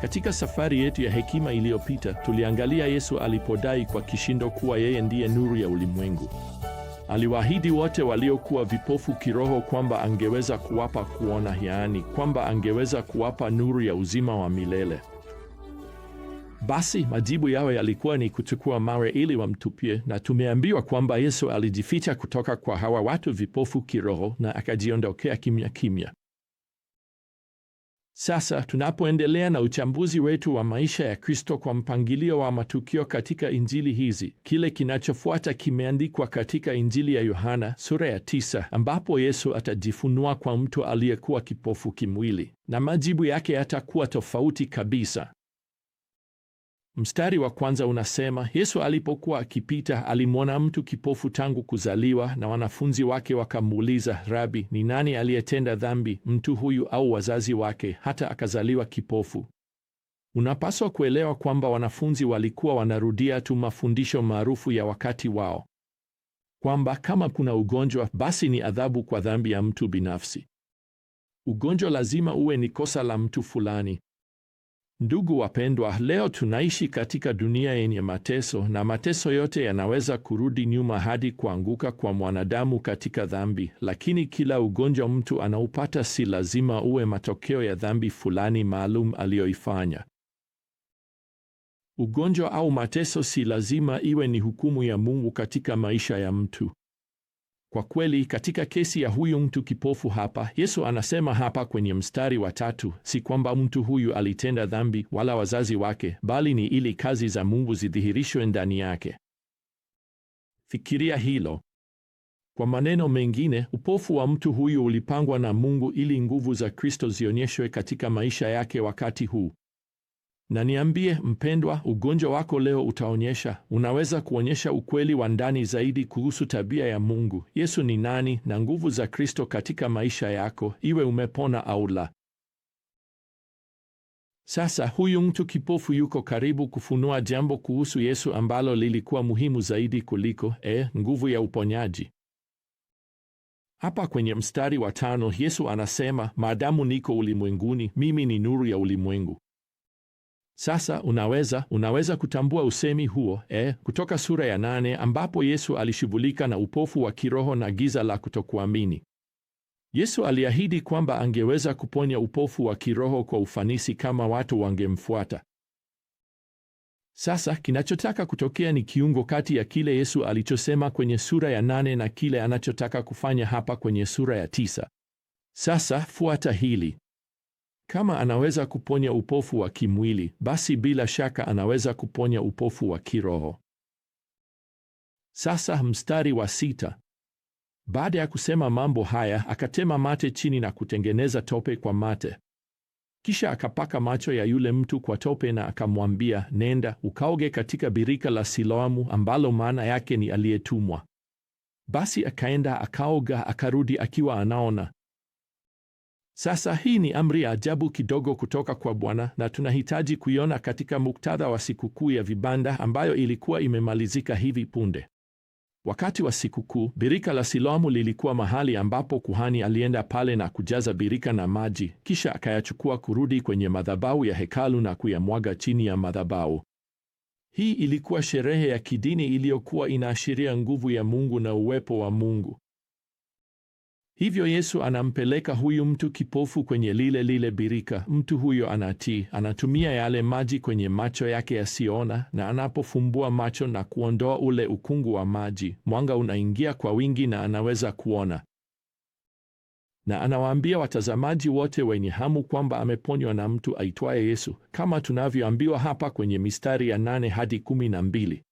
Katika safari yetu ya hekima iliyopita, tuliangalia Yesu alipodai kwa kishindo kuwa yeye ndiye nuru ya ulimwengu. Aliwaahidi wote waliokuwa vipofu kiroho kwamba angeweza kuwapa kuona, yaani kwamba angeweza kuwapa nuru ya uzima wa milele. Basi majibu yao yalikuwa ni kuchukua mawe ili wamtupie, na tumeambiwa kwamba Yesu alijificha kutoka kwa hawa watu vipofu kiroho na akajiondokea kimya kimya. Sasa tunapoendelea na uchambuzi wetu wa maisha ya Kristo kwa mpangilio wa matukio katika injili hizi, kile kinachofuata kimeandikwa katika Injili ya Yohana sura ya tisa, ambapo Yesu atajifunua kwa mtu aliyekuwa kipofu kimwili, na majibu yake yatakuwa tofauti kabisa. Mstari wa kwanza unasema Yesu alipokuwa akipita alimwona mtu kipofu tangu kuzaliwa, na wanafunzi wake wakamuuliza, Rabi, ni nani aliyetenda dhambi, mtu huyu au wazazi wake, hata akazaliwa kipofu? Unapaswa kuelewa kwamba wanafunzi walikuwa wanarudia tu mafundisho maarufu ya wakati wao kwamba kama kuna ugonjwa, basi ni adhabu kwa dhambi ya mtu binafsi. Ugonjwa lazima uwe ni kosa la mtu fulani. Ndugu wapendwa, leo tunaishi katika dunia yenye mateso, na mateso yote yanaweza kurudi nyuma hadi kuanguka kwa mwanadamu katika dhambi. Lakini kila ugonjwa mtu anaupata si lazima uwe matokeo ya dhambi fulani maalum aliyoifanya. Ugonjwa au mateso si lazima iwe ni hukumu ya Mungu katika maisha ya mtu. Kwa kweli katika kesi ya huyu mtu kipofu hapa, Yesu anasema hapa kwenye mstari wa tatu, si kwamba mtu huyu alitenda dhambi wala wazazi wake, bali ni ili kazi za Mungu zidhihirishwe ndani yake. Fikiria hilo. Kwa maneno mengine, upofu wa mtu huyu ulipangwa na Mungu ili nguvu za Kristo zionyeshwe katika maisha yake wakati huu. Na niambie mpendwa, ugonjwa wako leo utaonyesha unaweza kuonyesha ukweli wa ndani zaidi kuhusu tabia ya Mungu, Yesu ni nani, na nguvu za Kristo katika maisha yako, iwe umepona au la. Sasa huyu mtu kipofu yuko karibu kufunua jambo kuhusu Yesu ambalo lilikuwa muhimu zaidi kuliko e, nguvu ya uponyaji. Hapa kwenye mstari wa tano Yesu anasema, maadamu niko ulimwenguni, mimi ni nuru ya ulimwengu. Sasa unaweza unaweza kutambua usemi huo eh, kutoka sura ya nane ambapo Yesu alishughulika na upofu wa kiroho na giza la kutokuamini. Yesu aliahidi kwamba angeweza kuponya upofu wa kiroho kwa ufanisi kama watu wangemfuata. Sasa kinachotaka kutokea ni kiungo kati ya kile Yesu alichosema kwenye sura ya nane na kile anachotaka kufanya hapa kwenye sura ya tisa. Sasa fuata hili. Kama anaweza kuponya upofu wa kimwili, basi bila shaka anaweza kuponya upofu wa kiroho. Sasa mstari wa sita. Baada ya kusema mambo haya, akatema mate chini na kutengeneza tope kwa mate. Kisha akapaka macho ya yule mtu kwa tope na akamwambia, nenda ukaoge katika birika la Siloamu, ambalo maana yake ni aliyetumwa. Basi akaenda akaoga, akarudi akiwa anaona. Sasa hii ni amri ya ajabu kidogo kutoka kwa Bwana na tunahitaji kuiona katika muktadha wa sikukuu ya vibanda ambayo ilikuwa imemalizika hivi punde. Wakati wa sikukuu, birika la Siloamu lilikuwa mahali ambapo kuhani alienda pale na kujaza birika na maji, kisha akayachukua kurudi kwenye madhabahu ya hekalu na kuyamwaga chini ya madhabahu. Hii ilikuwa sherehe ya kidini iliyokuwa inaashiria nguvu ya Mungu na uwepo wa Mungu. Hivyo Yesu anampeleka huyu mtu kipofu kwenye lile lile birika. Mtu huyo anatii, anatumia yale maji kwenye macho yake yasiyoona, na anapofumbua macho na kuondoa ule ukungu wa maji, mwanga unaingia kwa wingi na anaweza kuona. Na anawaambia watazamaji wote wenye hamu kwamba ameponywa na mtu aitwaye Yesu, kama tunavyoambiwa hapa kwenye mistari ya nane hadi kumi na mbili.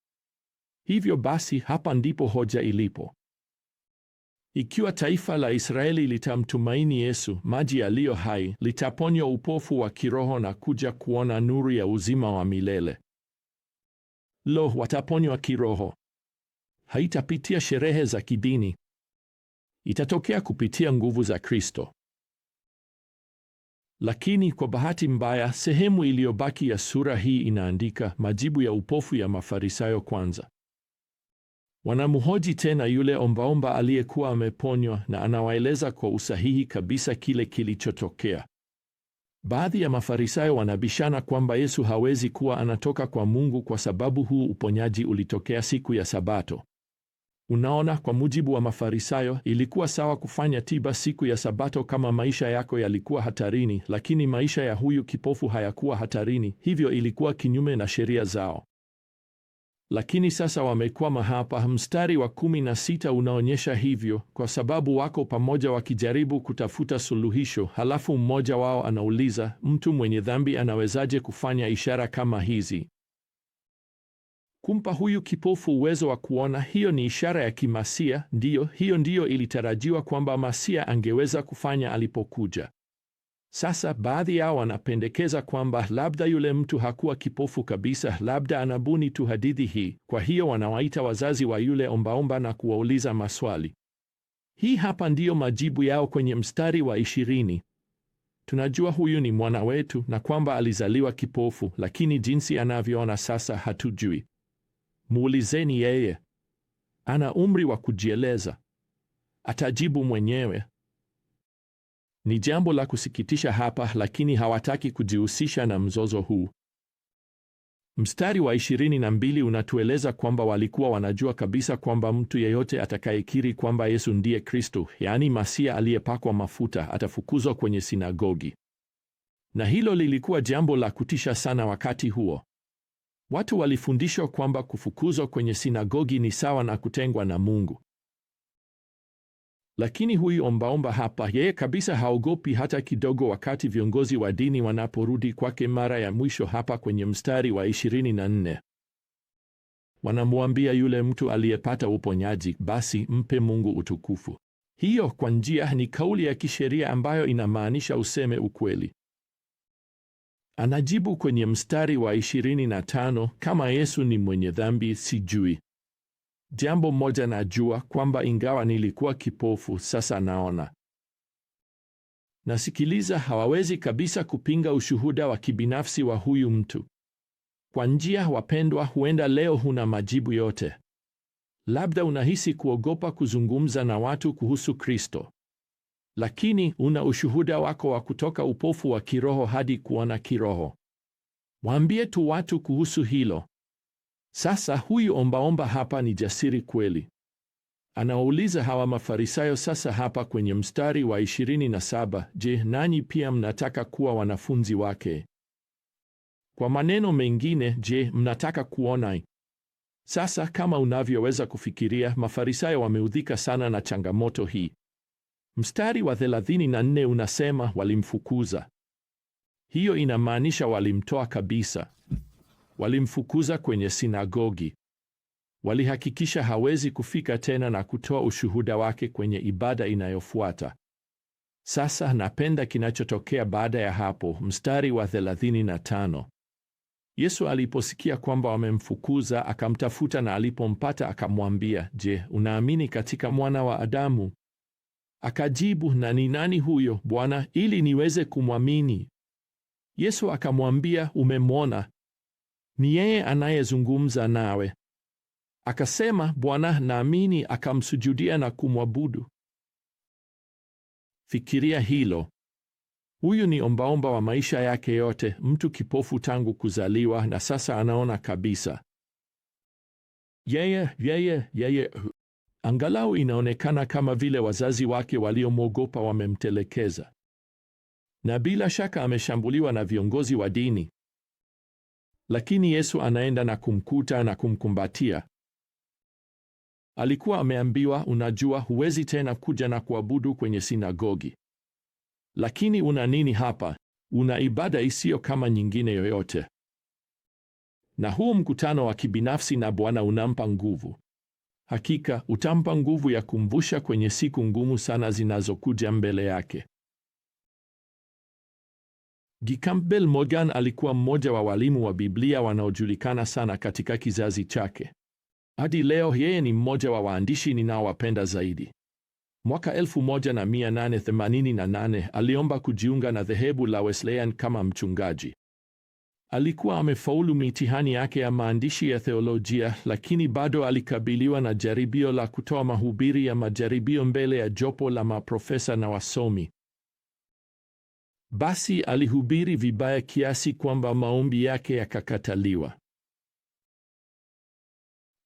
Hivyo basi, hapa ndipo hoja ilipo. Ikiwa taifa la Israeli litamtumaini Yesu, maji yaliyo hai, litaponywa upofu wa kiroho na kuja kuona nuru ya uzima wa milele. Lo, wataponywa kiroho! Haitapitia sherehe za kidini, itatokea kupitia nguvu za Kristo. Lakini kwa bahati mbaya, sehemu iliyobaki ya sura hii inaandika majibu ya upofu ya Mafarisayo kwanza. Wanamhoji tena yule ombaomba aliyekuwa ameponywa na anawaeleza kwa usahihi kabisa kile kilichotokea. Baadhi ya Mafarisayo wanabishana kwamba Yesu hawezi kuwa anatoka kwa Mungu kwa sababu huu uponyaji ulitokea siku ya Sabato. Unaona, kwa mujibu wa Mafarisayo ilikuwa sawa kufanya tiba siku ya Sabato kama maisha yako yalikuwa hatarini, lakini maisha ya huyu kipofu hayakuwa hatarini, hivyo ilikuwa kinyume na sheria zao. Lakini sasa wamekwama hapa. Mstari wa kumi na sita unaonyesha hivyo, kwa sababu wako pamoja wakijaribu kutafuta suluhisho. Halafu mmoja wao anauliza, mtu mwenye dhambi anawezaje kufanya ishara kama hizi? Kumpa huyu kipofu uwezo wa kuona, hiyo ni ishara ya kimasia. Ndiyo, hiyo ndiyo ilitarajiwa kwamba masia angeweza kufanya alipokuja. Sasa baadhi yao wanapendekeza kwamba labda yule mtu hakuwa kipofu kabisa, labda anabuni tu hadithi hii. Kwa hiyo wanawaita wazazi wa yule ombaomba na kuwauliza maswali. Hii hapa ndiyo majibu yao kwenye mstari wa ishirini: tunajua huyu ni mwana wetu na kwamba alizaliwa kipofu, lakini jinsi anavyoona sasa hatujui. Muulizeni yeye, ana umri wa kujieleza, atajibu mwenyewe. Ni jambo la kusikitisha hapa, lakini hawataki kujihusisha na mzozo huu. Mstari wa 22 unatueleza kwamba walikuwa wanajua kabisa kwamba mtu yeyote atakayekiri kwamba Yesu ndiye Kristo, yaani Masia aliyepakwa mafuta, atafukuzwa kwenye sinagogi. Na hilo lilikuwa jambo la kutisha sana wakati huo. Watu walifundishwa kwamba kufukuzwa kwenye sinagogi ni sawa na kutengwa na Mungu. Lakini huyu ombaomba hapa, yeye kabisa haogopi hata kidogo, wakati viongozi wa dini wanaporudi kwake mara ya mwisho. Hapa kwenye mstari wa 24 wanamwambia yule mtu aliyepata uponyaji, basi mpe Mungu utukufu. Hiyo kwa njia ni kauli ya kisheria ambayo inamaanisha useme ukweli. Anajibu kwenye mstari wa 25, kama Yesu ni mwenye dhambi sijui, Jambo moja najua kwamba ingawa nilikuwa kipofu, sasa naona. Nasikiliza, hawawezi kabisa kupinga ushuhuda wa kibinafsi wa huyu mtu. Kwa njia, wapendwa, huenda leo huna majibu yote. Labda unahisi kuogopa kuzungumza na watu kuhusu Kristo, lakini una ushuhuda wako wa kutoka upofu wa kiroho hadi kuona kiroho. Waambie tu watu kuhusu hilo. Sasa huyu ombaomba hapa ni jasiri kweli. Anawauliza hawa Mafarisayo sasa hapa kwenye mstari wa 27, je, nanyi pia mnataka kuwa wanafunzi wake? Kwa maneno mengine, je, mnataka kuona? Sasa kama unavyoweza kufikiria, Mafarisayo wameudhika sana na changamoto hii. Mstari wa 34 unasema walimfukuza. Hiyo inamaanisha walimtoa kabisa. Walimfukuza kwenye sinagogi. Walihakikisha hawezi kufika tena na kutoa ushuhuda wake kwenye ibada inayofuata. Sasa napenda kinachotokea baada ya hapo, mstari wa 35. Yesu aliposikia kwamba wamemfukuza, akamtafuta na alipompata akamwambia, "Je, unaamini katika mwana wa Adamu?" Akajibu, "Na ni nani huyo, Bwana, ili niweze kumwamini?" Yesu akamwambia, "Umemwona, ni yeye anayezungumza nawe. Akasema, Bwana, naamini, akamsujudia na kumwabudu. Fikiria hilo. Huyu ni ombaomba wa maisha yake yote, mtu kipofu tangu kuzaliwa, na sasa anaona kabisa. Yeye yeye yeye, angalau inaonekana kama vile wazazi wake waliomwogopa wamemtelekeza, na bila shaka ameshambuliwa na viongozi wa dini. Lakini Yesu anaenda na kumkuta na kumkumbatia. Alikuwa ameambiwa, unajua, huwezi tena kuja na kuabudu kwenye sinagogi. Lakini una nini hapa? Una ibada isiyo kama nyingine yoyote. Na huu mkutano wa kibinafsi na Bwana unampa nguvu. Hakika utampa nguvu ya kumvusha kwenye siku ngumu sana zinazokuja mbele yake. Gcampbell Morgan alikuwa mmoja wa walimu wa Biblia wanaojulikana sana katika kizazi chake. Hadi leo yeye ni mmoja wa waandishi ninaowapenda zaidi. Mwaka 1888 aliomba kujiunga na dhehebu la Wesleyan kama mchungaji. Alikuwa amefaulu mitihani yake ya maandishi ya theolojia, lakini bado alikabiliwa na jaribio la kutoa mahubiri ya majaribio mbele ya jopo la maprofesa na wasomi. Basi alihubiri vibaya kiasi kwamba maombi yake yakakataliwa.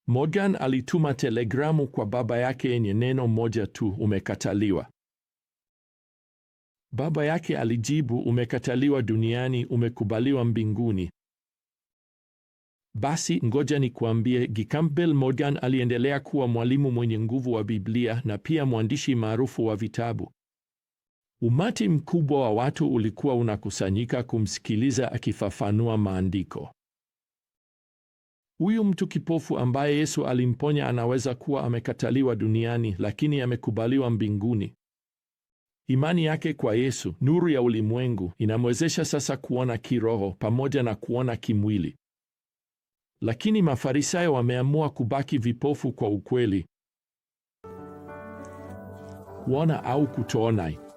Morgan alituma telegramu kwa baba yake yenye neno moja tu, umekataliwa. Baba yake alijibu, umekataliwa duniani, umekubaliwa mbinguni. Basi ngoja nikuambie, G. Campbell Morgan aliendelea kuwa mwalimu mwenye nguvu wa Biblia na pia mwandishi maarufu wa vitabu. Umati mkubwa wa watu ulikuwa unakusanyika kumsikiliza akifafanua maandiko. Huyu mtu kipofu ambaye Yesu alimponya anaweza kuwa amekataliwa duniani, lakini amekubaliwa mbinguni. Imani yake kwa Yesu, nuru ya ulimwengu, inamwezesha sasa kuona kiroho pamoja na kuona kimwili. Lakini Mafarisayo wameamua kubaki vipofu kwa ukweli, kuona au kutoona.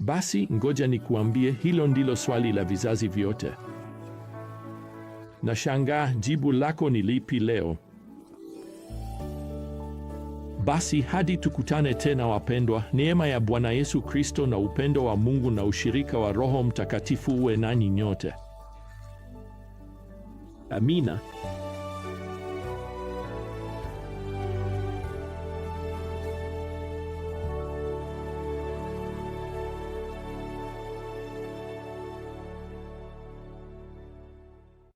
Basi ngoja nikuambie, hilo ndilo swali la vizazi vyote. Nashangaa jibu lako ni lipi leo. Basi hadi tukutane tena wapendwa, neema ya Bwana Yesu Kristo na upendo wa Mungu na ushirika wa Roho Mtakatifu uwe nanyi nyote. Amina.